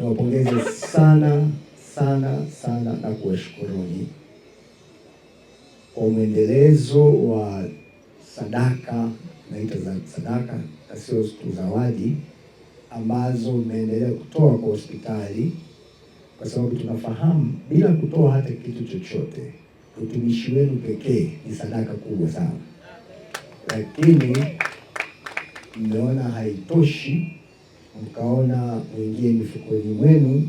niwapongeze sana sana sana na kuwashukuruni kwa mwendelezo wa sadaka, naita sadaka na sio tu zawadi, ambazo umeendelea kutoa kwa hospitali, kwa sababu tunafahamu bila kutoa hata kitu chochote utumishi wenu pekee ni sadaka kubwa sana, lakini mmeona haitoshi mkaona mwingie mifukoni mwenu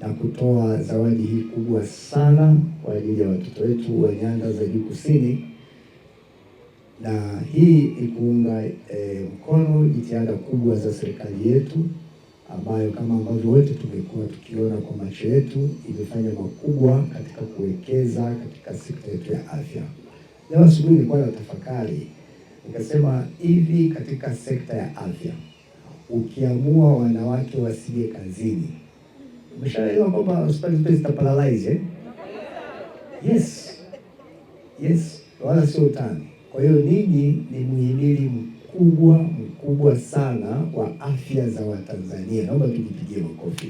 na kutoa zawadi hii kubwa sana kwa ajili ya watoto wetu wa nyanda za juu kusini, na hii ikuunga e, eh, mkono jitihada kubwa za serikali yetu ambayo kama ambavyo wote tumekuwa tukiona kwa macho yetu imefanya makubwa katika kuwekeza katika sekta yetu ya afya. Leo asubuhi nilikuwa na tafakari nikasema, hivi katika sekta ya afya ukiamua wanawake wasije kazini, umeshaelewa kwamba hospitali zote zita eh? Yes, yes, wala sio utani. Kwa hiyo ninyi ni muhimili mkubwa mkubwa sana wa afya za Watanzania, naomba tujipigie makofi.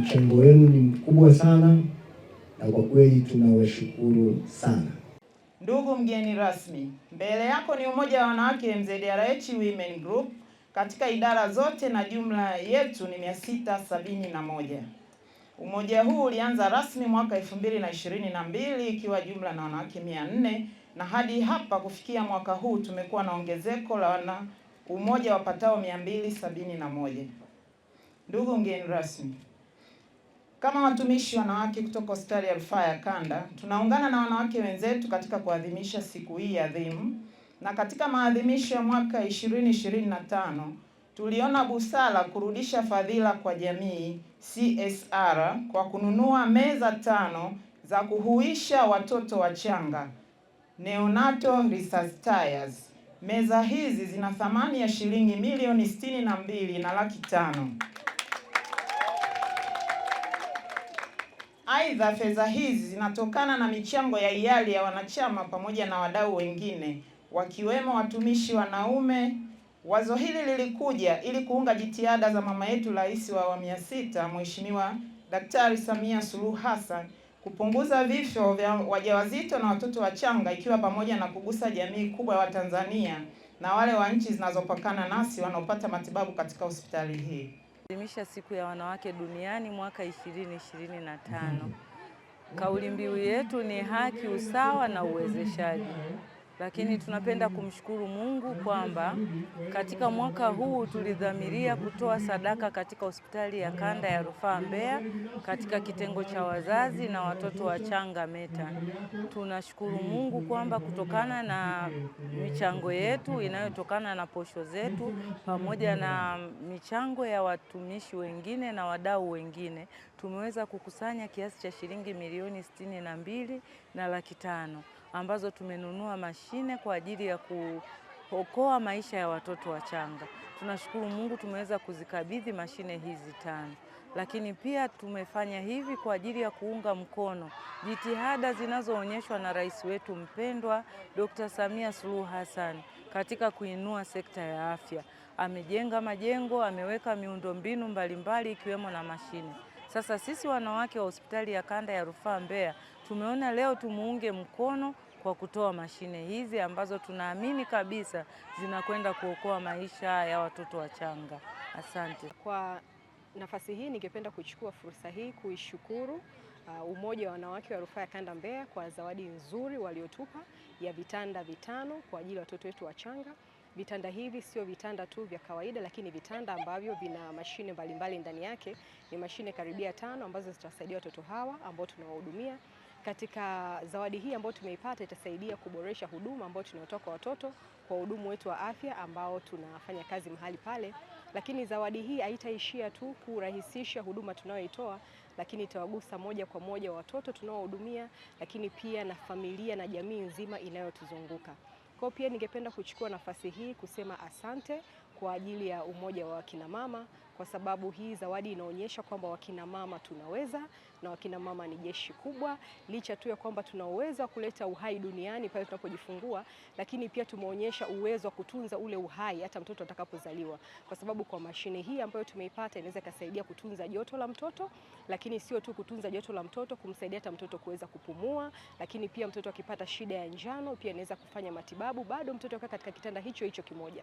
Mchango wenu ni mkubwa sana, na kwa kweli tunawashukuru sana. Ndugu mgeni rasmi, mbele yako ni umoja wa wanawake MZRH Women Group katika idara zote na jumla yetu ni 671. Umoja huu ulianza rasmi mwaka 2022 ikiwa jumla na wanawake 400 na hadi hapa kufikia mwaka huu tumekuwa na ongezeko la wana umoja wapatao 271. Ndugu mgeni rasmi kama watumishi wanawake kutoka Hospitali ya Rufaa ya Kanda, tunaungana na wanawake wenzetu katika kuadhimisha siku hii adhimu, na katika maadhimisho ya mwaka 2025 tuliona busara kurudisha fadhila kwa jamii CSR kwa kununua meza tano za kuhuisha watoto wachanga neonatal resuscitators. Meza hizi zina thamani ya shilingi milioni sitini na mbili na laki tano. Aidha, fedha hizi zinatokana na michango ya hiari ya wanachama pamoja na wadau wengine wakiwemo watumishi wanaume. Wazo hili lilikuja ili kuunga jitihada za mama yetu Rais wa awamu ya sita Mheshimiwa Daktari Samia Suluhu Hassan kupunguza vifo vya wajawazito na watoto wachanga, ikiwa pamoja na kugusa jamii kubwa ya Watanzania na wale wa nchi zinazopakana nasi wanaopata matibabu katika hospitali hii. Adhimisha siku ya wanawake duniani mwaka 2025. Kauli mbiu yetu ni haki, usawa na uwezeshaji lakini tunapenda mm-hmm. kumshukuru Mungu kwamba katika mwaka huu tulidhamiria kutoa sadaka katika hospitali ya kanda ya rufaa Mbeya katika kitengo cha wazazi na watoto wachanga META. Tunashukuru Mungu kwamba kutokana na michango yetu inayotokana na posho zetu pamoja na michango ya watumishi wengine na wadau wengine tumeweza kukusanya kiasi cha shilingi milioni sitini na mbili na laki tano ambazo tumenunua mashine kwa ajili ya kuokoa maisha ya watoto wachanga. Tunashukuru Mungu tumeweza kuzikabidhi mashine hizi tano, lakini pia tumefanya hivi kwa ajili ya kuunga mkono jitihada zinazoonyeshwa na rais wetu mpendwa Dr. Samia Suluhu Hassan katika kuinua sekta ya afya. Amejenga majengo, ameweka miundombinu mbalimbali ikiwemo na mashine. Sasa sisi wanawake wa hospitali ya kanda ya rufaa Mbeya tumeona leo tumuunge mkono kwa kutoa mashine hizi ambazo tunaamini kabisa zinakwenda kuokoa maisha ya watoto wachanga. Asante kwa nafasi hii. Ningependa kuchukua fursa hii kuishukuru uh, Umoja wa Wanawake wa Rufaa ya Kanda Mbeya kwa zawadi nzuri waliotupa ya vitanda vitano kwa ajili ya watoto wetu wachanga. Vitanda hivi sio vitanda tu vya kawaida, lakini vitanda ambavyo vina mashine mbalimbali ndani yake. Ni mashine karibia tano ambazo zitasaidia watoto hawa ambao tunawahudumia katika zawadi hii ambayo tumeipata itasaidia kuboresha huduma ambayo tunatoa kwa watoto kwa hudumu wetu wa afya ambao tunafanya kazi mahali pale. Lakini zawadi hii haitaishia tu kurahisisha huduma tunayoitoa, lakini itawagusa moja kwa moja watoto tunaohudumia, lakini pia na familia na jamii nzima inayotuzunguka. Kwa pia ningependa kuchukua nafasi hii kusema asante kwa ajili ya umoja wa kina mama kwa sababu hii zawadi inaonyesha kwamba wakina mama tunaweza na wakina mama ni jeshi kubwa. Licha tu ya kwamba tuna uwezo wa kuleta uhai duniani pale tunapojifungua, lakini pia tumeonyesha uwezo wa kutunza ule uhai hata mtoto atakapozaliwa, kwa sababu kwa mashine hii ambayo tumeipata inaweza ikasaidia kutunza joto la mtoto, lakini sio tu kutunza joto la mtoto, kumsaidia hata mtoto kuweza kupumua, lakini pia mtoto akipata shida ya njano pia inaweza kufanya matibabu, bado mtoto akaa katika kitanda hicho hicho kimoja.